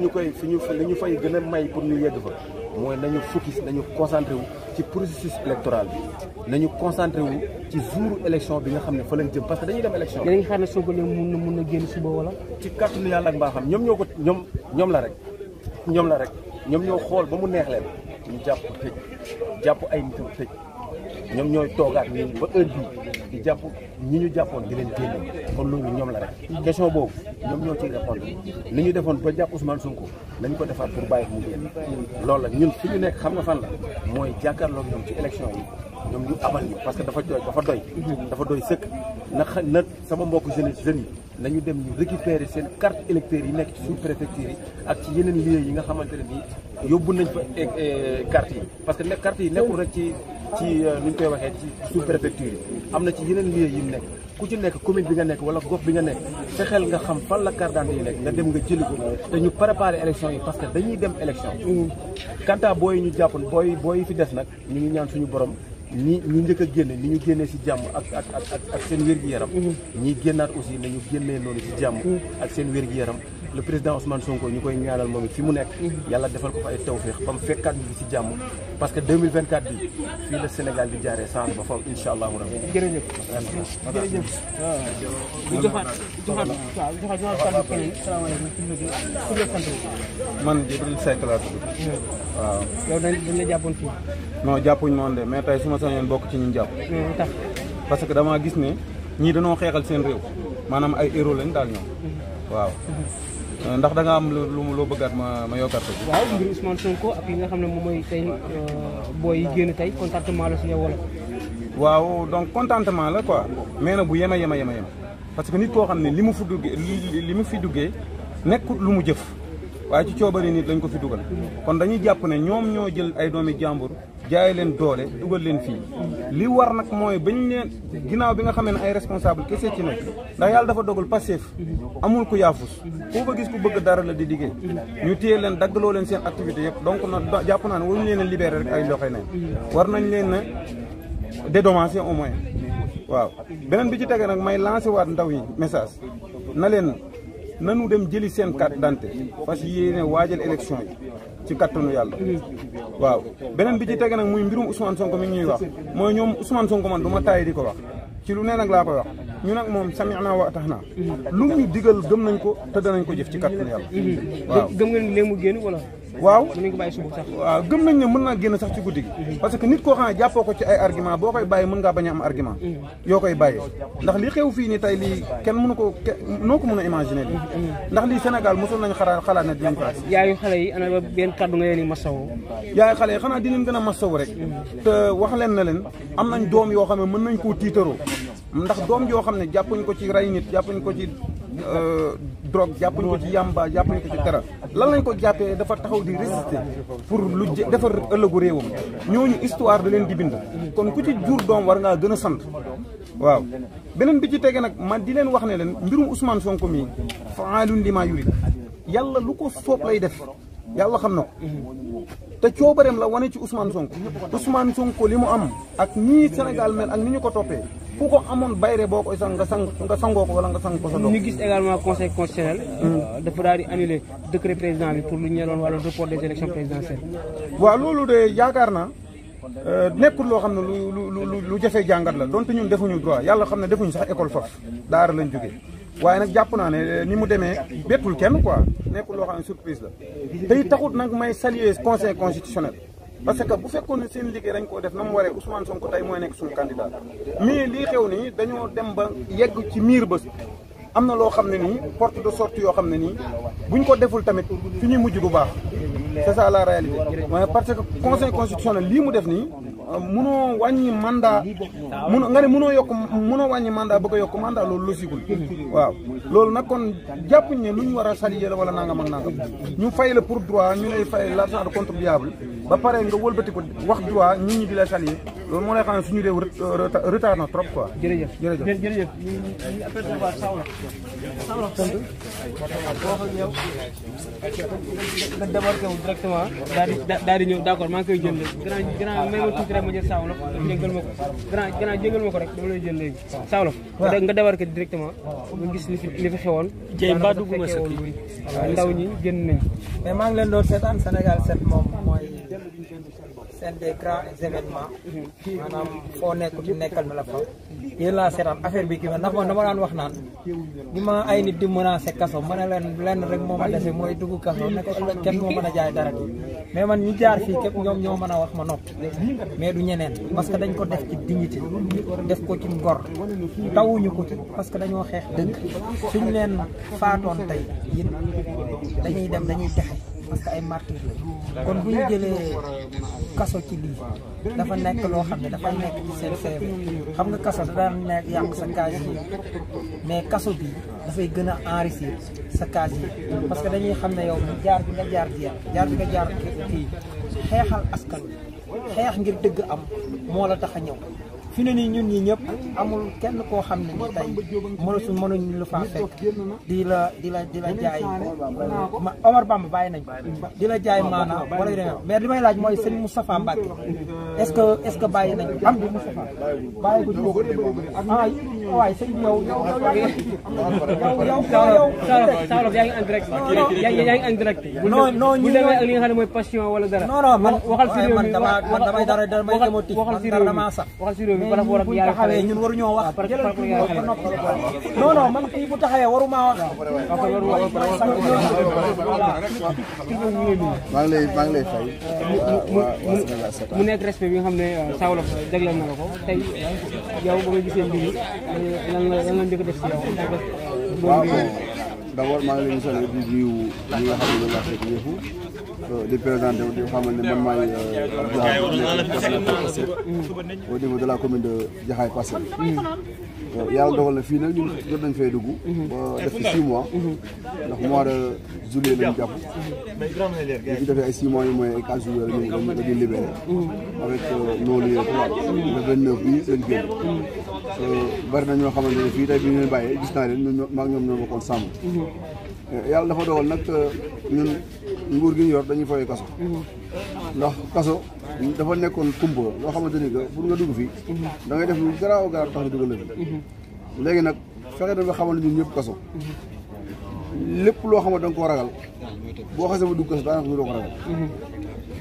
ñu koy fi ñu li ñu fay gën a may pour ñu yegg fa mooy nañu focus nañu concentré wu ci processus électoral bi nañu concentré wu ci jour élection bi nga xam ne fa lañ jëm parce que dañuy dem élection. yéen a ngi xam ne Sonko mun na mun na génn suba wala. ci kàttanu yàlla ak mbaaxam ñoom ñoo ko ñoom ñoom la rek ñoom la rek ñoom ñoo xool ba mu neex leen ñu jàpp tëj jàpp ay nitam tëj ñoom ñooy toogaat ñun ba heure bii di jàpp ñi ñu jàppoon di leen génn kon loolu ñoom la rek question ñoom ñoo ciy répondre ni ñu defoon ba jàpp Ousmane Sonko nañ ko defaat pour bàyyi mu génn lool la ñun fi ñu nekk xam nga fan la mooy jàkkaarloog ñoom ci élection yi ñoom ñu amal ñu parce que dafa doy dafa doy dafa doy sëkk na na sama mbokk jeunesse jeunes yi ñu dem ñu récupérer seen carte électeur yi nekk ci sous préfecture yi ak ci yeneen lieux yi nga xamante ne bii yóbbu nañ fa eh, eh, carte yi parce que carte yi nekkul rek ci ci euh, ni ñu koy waxee ci sous yi am na ci yeneen lieux yi nekk ku ci nekk commune bi nga nekk wala gox bi nga nekk fexeel nga xam fan la carte d'identité yi nekk nga dem nga jëli ko te ñu préparer élection yi parce que dañuy dem élection kanta mm. booy ñu jàppoon booy booy fi des nag ñu ngi ñaan suñu borom ñi ñu njëkk a génne ni ñu génnee si jàmm ak ak ak ak seen wér-gi-yaram mm. ñi génnaat aussi nañu génnee noonu si jàmm mm. ak seen wér-gi-yaram le président Ousmane Sonko ñu koy ñaanal moom it fi mu nekk. yàlla defal ko fa ay tawféex ba mu fekkaat ñu ci jàmm parce que 2024 bi fii la Sénégal di jaaree sànq ba foofu incha allah mu rafetlu. jërëjëf jërëjëf waaw. joxaat joxaat waaw joxaat joxaat kàddu keneen man Jibril Seck laa tudd. waaw. yow dañ moom de mais tey su sañoon bokk ci ñu jàpp. tax parce que damaa gis ne ñii dañoo xeexal seen réew maanaam ay héros lañ daal ñoom mhm. waaw. Mhm. ndax da nga am lu mu loo bëggaat ma ma yokkaat ko. waaw ngir Ousmane Sonko ak li nga xam ne moom mooy tey euh, booy yi génn tey contentement la si yow wala. waaw donc contentement la quoi mais nag bu yema yema yema yema parce que nit koo xam ne li mu fi duggee li mu fi duggee nekkut lu mu jëf waaye ci coobari nit lañ ko fi dugal mm-hmm. kon dañuy jàpp ne ñoom ñoo jël ay doomi jàmbur. jaay leen doole dugal leen fii li war nag mooy bañ leen ginnaaw bi nga xamee ne ay responsable kese ci nekk ndax yàlla dafa dogal Pastef amul ku yaafus foo ko gis ku bëgg dara la di liggéey ñu téye leen daggaloo leen seen activité yëpp donc na jàpp naa ne waruñu leen a libéré rek ay loxo nañ war nañ leen na dédommager au moins waaw beneen bi ci tege nag may lancé waat ndaw yi message na leen nanu dem jëli seen carte d'identité parce que yéene waajal élection yi ci kattanu yàlla waaw beneen bi ci tege nag muy mbirum Ousmane Sonko mi ngi ñuy wax mooy ñoom Ousmane Sonko man du ma di ko wax ci lu nee nag laa ko wax ñu nag moom a wa ata'na lu ñu digal gëm nañ ko te danañ ko jëf ci kàttanu yàlla mhm. waaw gëm nga ni mu génn wala waaw mën gëm nañ ne mën na génn sax ci guddi gi mhm. parce que nit koo xam ne jàppoo ko ci ay argument boo koy bàyyi mën ngaa bañ a am argument mhm. yoo koy bàyyee ndax li xew fii ni tey lii kenn mënu ko noo ko mën a imaginer bi ndax lii Sénégal mosul nañ xalaat xalaat ne dinañ ko ak yaayu xale yi ana benn kàddu nga leen di xanaa di leen gën a masawu rek te wax leen na leen am nañ doom yoo xam ne mën nañ koo tiitaroo ndax doom yoo xam ne jàppuñ ko ci rey nit jàppuñ ko ci euh, drogue jàppuñ ko ci yamba jàppuñ ko ci dara lan lañ ko jàppee dafa taxaw di résister pour lu defar ëllëgu réewam ñooñu histoire da leen di bind kon ku ci jur doom war ngaa gën a sant waaw beneen bi ci tege nag man di leen wax ne leen mbirum Ousmane Sonko mii faalun limaa yurid yàlla lu ko soob lay def yàlla xam na ko te coobareem la wane ci Ousmane Sonko Ousmane Sonko li mu am ak ñii Sénégal mel ak ni ñu ko toppee ku ko amoon bayre boo koy sang nga sang nga sangoo ko wala nga sang ko sa doom. ñu gis également conseil constitutionnel. Euh, dafa daal di annulé décret président bi pour lu ñu ñoroon report des élections présidentielles. waaw loolu de yaakaar naa euh, nekkul loo xam ne lu lu lu lu jafe jàngat la donte ñun defuñu droit yàlla xam ne defuñu sax école faf daara lañ jógee. waaye nag jàpp naa ne euh, ni mu demee bettul kenn quoi nekkul loo xam ne surprise la tey taxut nag may saluer conseil constitutionnel. parce que bu fekkoon ne seen liggéey dañ koo def na mu waree Ousmane Sonko tey mooy nekk suñu candidat mais lii xew nii dañoo dem ba yegg ci miir ba am na loo xam ne nii porte de sortie yoo xam ne nii buñ ko deful tamit fi ñuy mujj du baax c'est ça la réalité. waaye parce que conseil constitutionnel lii mu def nii. munoo wàññi mandat mun nga ne munoo yokk munoo wàññi mandat bëgg a yokk mandat loolu logiqueul waaw loolu nag kon jàppuñ ne lu ñu war a salié la wala nangam ak nangam ñu fay la pour droit ñu lay fay l'argent de contribuable ba pare nga wëlbati ko wax droit nit ñi di la salié loolu moo lay xam ne suñu réew euh, retard na trop quoi. jërëjëf jërëjëf jërëjëf ñu ñu affaire bi waa Sawlax Sawlax sant boo xam yow nga débarqué wu directement daal di daal di ñëw après ma jël saawlof jégal ma ko grand grand jégal ma ko rek dama lay jël léegi saawlof nga débarqué sa kii ndaw ñi génn nañ mais maa ngi leen doon seetaan Sénégal 7 moom mooy seen des grands événements maanaam foo nekk di nekkal ma la fa yéen laa seetaan affaire bi kii ma ndax man dama wax naan ñi ma ay nit di menacé kaso ma ne leen lenn rek moo ma dese mooy dugg kaso ne ko kenn moo ma a jaay dara mais man ñu jaar fii képp ñoom ñoo mën a wax ma noppi mais du ñeneen parce que dañ ko def ci dignité def ko ci ngor tawuñu ko ci parce que dañoo xeex dëgg suñ leen faatoon tey yéen dañuy dem dañuy texe parce que ay martyr la kon bu ñu jëlee kaso ci lii dafa nekk loo xam ne dafay nekk ci seen CV xam nga kaso da daan nekk yàq sa casier mais kaso bi dafay gën a enrichir sa casier parce que dañuy xam ne yow jaar bi nga jaar jeex jaar bi nga jaar kii xeexal askan xeex ngir dëgg am moo la tax a ñëw fi ne nii ñun ñii ñëpp amul kenn koo xam ne ni tey mënuñu mënuñu lu faa fekk di la di la di la jaay ma Omar Bamba bàyyi nañ di la jaay maanaam wala yu demee mais li may laaj mooy Serigne Moustapha Mbacke est-ce que est-ce bàyyi nañ am di Moustapha bàyyi ko ci ah waaye sëñ bi yow yow yow yow yow Saalum yaa ngi en direct. yaa ngi en direct. non non ñu demee ak li nga xam ne mooy passion wala dara. non non man waxal si réew mi man damay dara damay émotif. waxal si réew mi waxal si réew mi par maa ngi lay maa ngi lay mu nekk respect bi nga xam ne Saalum jagleel na la ko tey yow ba nga gisee mbir lan la lan la njëkk maa ngi leen di sant di nuyu ñi nga xam ne la fekk ñëpp di présenté wu di ne man maay Abdou Diakhate coordinateur de la commune de Jaxaay Pastef. yàlla dogal fii nag ñun jot dugg. ba def fi six mois. ndax mois de juillet lañ jàpp. ñu defee ay six mois yu mooy ay quatre jours la ñu avec nos lieux trois. le vingt neuf bi lañ génn. bari na ñoo xamante ne fii tey bi ñu leen bàyyee gis naa leen ñun maag ñoom ñoo bokkoon sàmm mhm. yàlla dafa dogal nag euh, ñun nguur gi ñu yor dañuy fooyee kaso mhm. ndax kaso dafa nekkoon kumpa loo xamante ni que pour nga dugg fii mhm. da ngay def lu garaaw garaaw tax ñu dugal la fi léegi nag fexe dafa xamal ñun ñëpp kaso lépp loo xamante da koo ragal boo xasee ba dugg kaso daanaka ñu doo ko ragal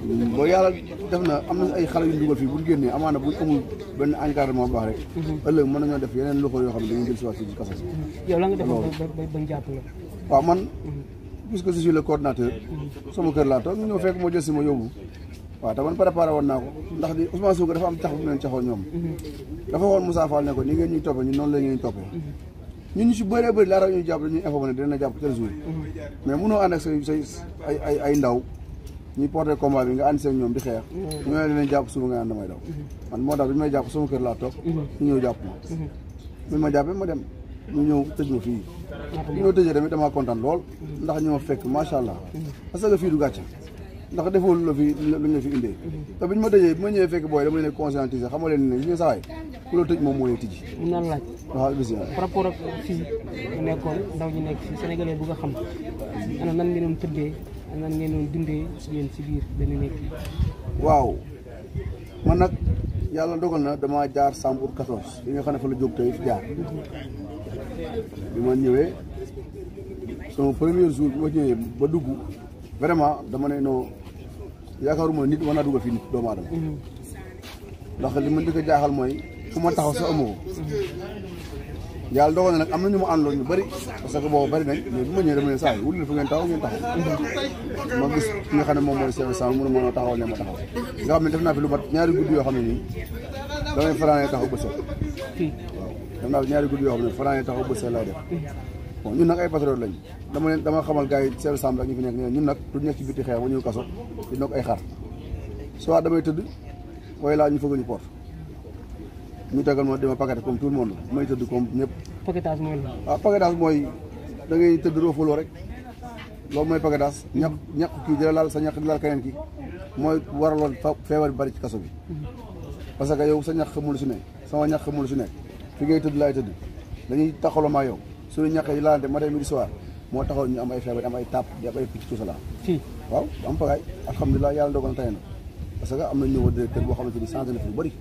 mooy yàlla def na am na ay xale yu dugal fii bu ñu génnee amaana bu ñu amul benn encadrement baax rek ëllëg mën nañoo def yeneen loxo yoo xam ne dañuy jël si waat si biir ñu jàpp la waaw man hmm. puisque je suis le coordinateur kër laa toog ñu ñëw fekk moo jël si ma yóbbu waaw te man préparé woon ko ndax di Ousmane Sonko am cax bu mu leen caxoo ñoom hmm. dafa woon Moussa Fall ne ko ni ngeen ñuy toppee ñun noonu la ngeen hmm. ñu si bëree bëri laata ñuy jàpp dañuy informé ne dina jàpp tel jour mais mënoo ànd ak say say ay ay ndaw ñuy porté combat bi nga ànd seen ñoom di xeex ñu ne leen jàpp suba nga naan damay daw mm-hmm. man moo tax bi may jàpp sama kër laa toog mm-hmm. ñu ñëw jàpp ma mm-hmm. bi ma jàppee ma dem ñu ñëw tëj ma fii ñu ah, ñëw tëjee tamit damaa kontaan lool ndax ñu ma fekk macha allah parce que fii du gàcce ndax defoo la fi lu fi indee te ñu ma tëjee bi ma ñëwee fekk booy dama leen conscientiser xam nga leen ne ñu sawaay la tëj moom moo lay tijji na laaj waaw bis par rapport ak fii ñu nekkoon ndaw ñu nekk fii sénégalais bu nga xam nan ngeen doon dundee yéen si biir benn nekk waaw man nag yàlla dogal na damaa jaar Sambour 14 bi nga xam ne fa la jóg tey fi jaar bi ma ñëwee sama premier jour bi ma ñëwee ba dugg vraiment dama ne non yaakaaruma nit war naa dugg fii nit doomu aadama mhm. ndax li ma njëkk a jaaxal mooy fu ma taxaw sa amoo mhm. yàlla dogal na nag am na ñu mu àndaloon ñu bëri parce que boobu bëri nañ mais bu ma ñëwee dama ne saa yi wul fu ngeen taxaw ngeen taxaw ma gis ki xam ne moom mooy seen sama mënu mën a taxaw ne ma taxaw nga xam ne def naa fi lu mat ñaari guddi yoo xam ne fanaanee taxaw ba set waaw def naa fi ñaari guddi yoo xam ne fanaanee taxaw ba set lay def bon ñun nag ay patriote lañ dama leen dama xamal gars yi seen sàmm rek ñu fi nekk ne ñun nag du nekk ci biti xeex ba ñu kaso di nokk ay xar soit damay tëdd wooy laa ñu fëgg ñu porte ñu tegal ma dama paqueté comme tout le monde may tëdd comme ñëpp. paquetage mooy la. ah paquetage ngay tëdd roofaloo rek loolu mooy paquetage ñaq ñaq kii dina laal sa ñaq di laal keneen ki mooy waraloon feebar bi bari ci kaso bi. parce que yow sa ñaq xamul si ne sama ñaq xamul si nekk fi ngay tëdd laay tëdd dañuy taxawal ma yow suñu ñaq yi laalante ma midi soir moo taxaw ñu am ay feebar am ay taab di am ay picc tout fii waaw am pagaay alhamdulilah yàlla dogal na tey na parce que am na niveau directeur boo xamante ni changé na fi bëri.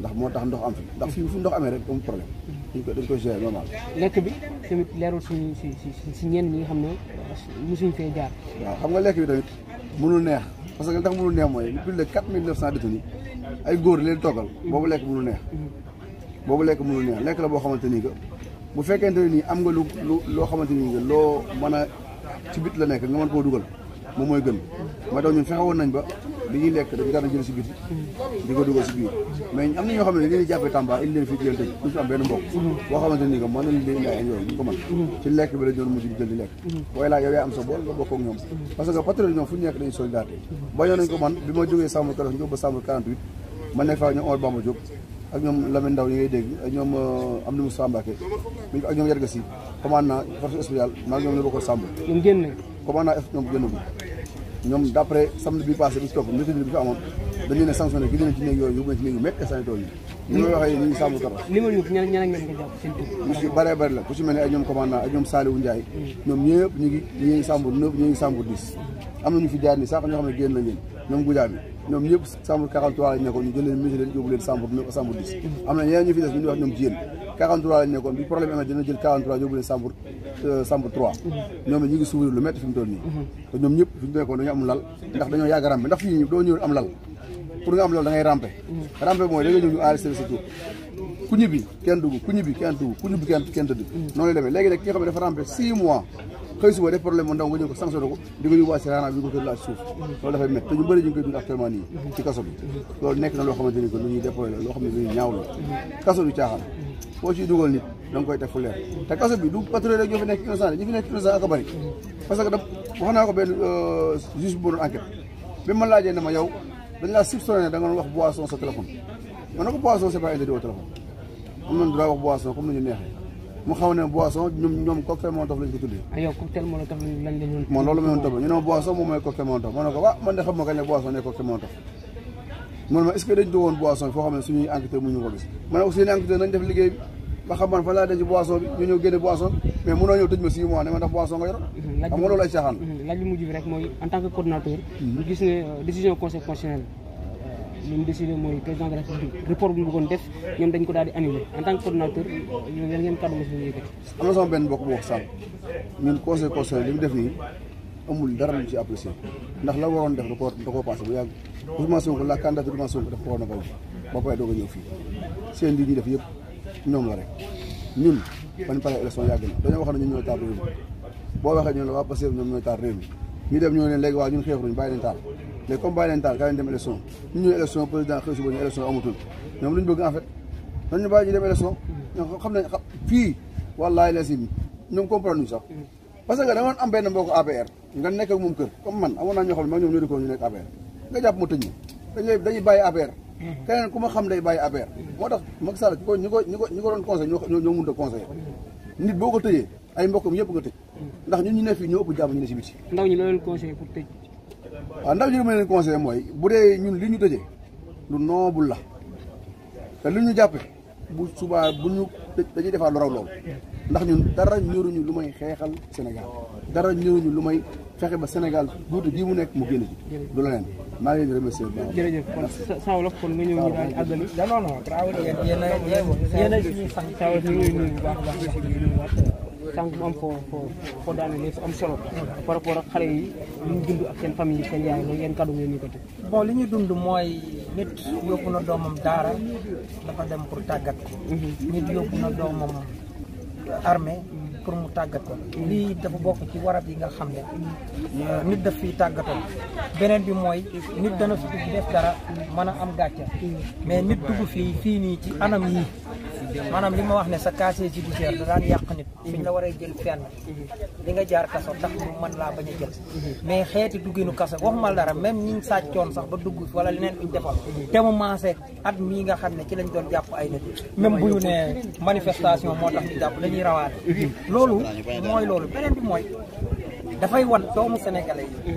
ndax moo tax ndox am fi ndax fi fu ndox amee rek amul problème dañ ko lekk bi tamit leerul si si si si ñenn nga xam ne mu mosuñ fee jaar waaw xam nga lekk bi tamit mënul neex parce que li tax mënul neex mooy plus de quatre mille neuf cent détenus ay góor leen toggal boobu lekk mënul neex boobu lekk mënul lekk la boo xamante ni que bu fekkente nii am nga lu lu loo xamante ni loo mën a ci bit la nekk nga mën koo dugal moom mooy gën ma daw ñun fexe nañ ba li ñuy lekk dañu daan jël si biti di ko dugal si biir mais am na ñoo xam ne leen di jàppee Tamba indi leen fii jël tëj du si am benn mbokk boo xamante ni que mën nañ leen ay ko mën ci lekk bi la sa bool ñoom fu ñu nekk dañuy solidarité bañoo nañ ko man bi ma jógee sàmm keroog ñu ba sàmm 48 na Moussa Mbacké mi ñoom Yarga Si commande na force spéciale ñoom génn commande ñoom d' après samedi bi passé bi ci topp mercredi bi fi amoon dañu ne sanctionné gi leen ci néeg yooyu yóbbu na ci néeg yi ñu may waxee ñu ngi sàmm kaba ñu la ku ci mel ne ay ñoom commandant ak ñoom Saliou Ndiaye ñoom ñëpp ñu ngi ñu ngi sàmm neuf ñu ngi sàmm dix am na ñu fi jaar ni sax ñoo xam ne génn nañ leen ñoom gujaa bi ñoom ñëpp sàmm quarante trois lañ nekkoon ñu jël leen mesure leen yóbbu leen sàmm neuf sàmm dix am na ñeneen ñu fi des ñu wax ñoom 43 lañ nekkoon bi problème amee dina jël 43 yóbbu leen Sambour euh, Sambour 3 ñoom ñu ngi souffrir lu métti fi mu toll nii te ñoom ñëpp fi lal ndax dañoo yàgg rampe ndax fii doo ñëw am lal pour nga am lal da ngay rampe mooy da nga ñëw ñu enregistré sa tur ku ñibbi kenn dugg ku ñibbi kenn dugg ku ñibbi kenn kenn tëdd noonu lay demee léegi ki nga xam ne dafa rampe 6 mois xëy suba def problème mu ndaw nga ko sanctionné ko di ko yóbbuwaat si raana bi ko tëdd laaj suuf koy dund actuellement nii ci bi loolu nekk na loo xamante ni lu ñuy déployé la loo xam ne lu dugal nit da nga koy teg fu leer te kaso bi du patrouille rek ñoo fi nekk innocent fi nekk innocent ak a bëri parce que da wax naa ko benn euh, juge bu doon enquête bi ma laajee ne ma yow dañ laa soupçonné da nga wax boisson sa téléphone ma ne ko boisson c'est pas interdit au téléphone wax boisson mu xaw ne boisson ñoom ñoom cocktail ah, loolu mooy cocktail molotov ma ah, mu ñu man fa boisson nga yor. xam nga loolu ay caaxaan. laaj bi mujj bi rek mooy en tant que coordinateur. Hmm. ñu gis ne euh, décision conseil constitutionnel li ñu décidé mooy président def ñoom dañ ko daal di annulé en tant que coordinateur yéen ngeen kàddu nga suñu yëkkati. am na sama benn mbokk bu wax sànq ñun conseil conseil li mu def nii amul dara lu ci apprécié ndax la waroon def da koo da koo passé bu yàgg Ousmane Sonko la candidature Ousmane Sonko def ko waroon a bañ ba pare doog a ñëw fii seen lii ñuy def yëpp ñoom la rek ñun ban pare élection yàgg na dañoo wax ne ñun ñooy taal réew mi boo waxee ñun la waa Pastef ñoom ñooy taal réew mi ñu dem ñoo léegi waa ñun xeexuñu bàyyi leen les combats leen taal ka leen dem élection ñu ñu élection président xëy suba ñu élection amatul ñoom lu ñu bëgg en fait nañ ñu dem élection xam ñu nekk ak ñu nekk nga jàpp ma tëj ma dañuy dañuy bàyyi APR keneen ku ma xam day bàyyi APR moo tax Macky Sall ñu ko ñu ko ñu ko doon conseil ñoo mënut a conseillé ñu ëpp jàmm ñu ne si waa ndax ñi li ma leen conseillé mooy bu dee ñun li ñu tëjee lu noobul la te li ñu jàppe bu subaa bu ñu dañuy defaat lu loolu ndax ñun dara ñoruñu lu may xeexal Sénégal dara ñoruñu lu may fexe ba Sénégal buutu ji mu nekk mu génn ji du la leen maa ngi leen di remercier jërëjëf kon sa wolof kon nga ñëw a baax sànq mu am foo foo foo daanee su am solo par ak xale yi li dund ak seen famille seen yaay loolu yéen kàddu ngeen ñu ko teg bon li ñu dund mooy nit yóbbu na doomam daara dafa dem pour tàggat ko mhm. nit yóbbu na doomam armée pour mu tàggat ko mhm. lii dafa bokk ci warab yi nga xam ne euh, nit daf fi tàggatoo beneen bi mooy nit dana fi def dara mën a am gàcce mhm. mais nit dugg fii fii nii ci anam yi maanaam li ma wax ne sa casier judiciaire da daan yàq nit fi ñu la waree jël fenn li nga jaar kaso tax mu mën laa bañ a jël mais xeeti dugginu kaso waxuma dara même ñiñ sàccoon sax ba dugg wala leneen duñ defal te mu maasee at mii nga xam ne ci lañ doon jàpp ay nit même bu ñu manifestation moo tax ñu jàpp dañuy rawaate loolu mooy loolu beneen bi mooy dafay wan doomu sénégalais yi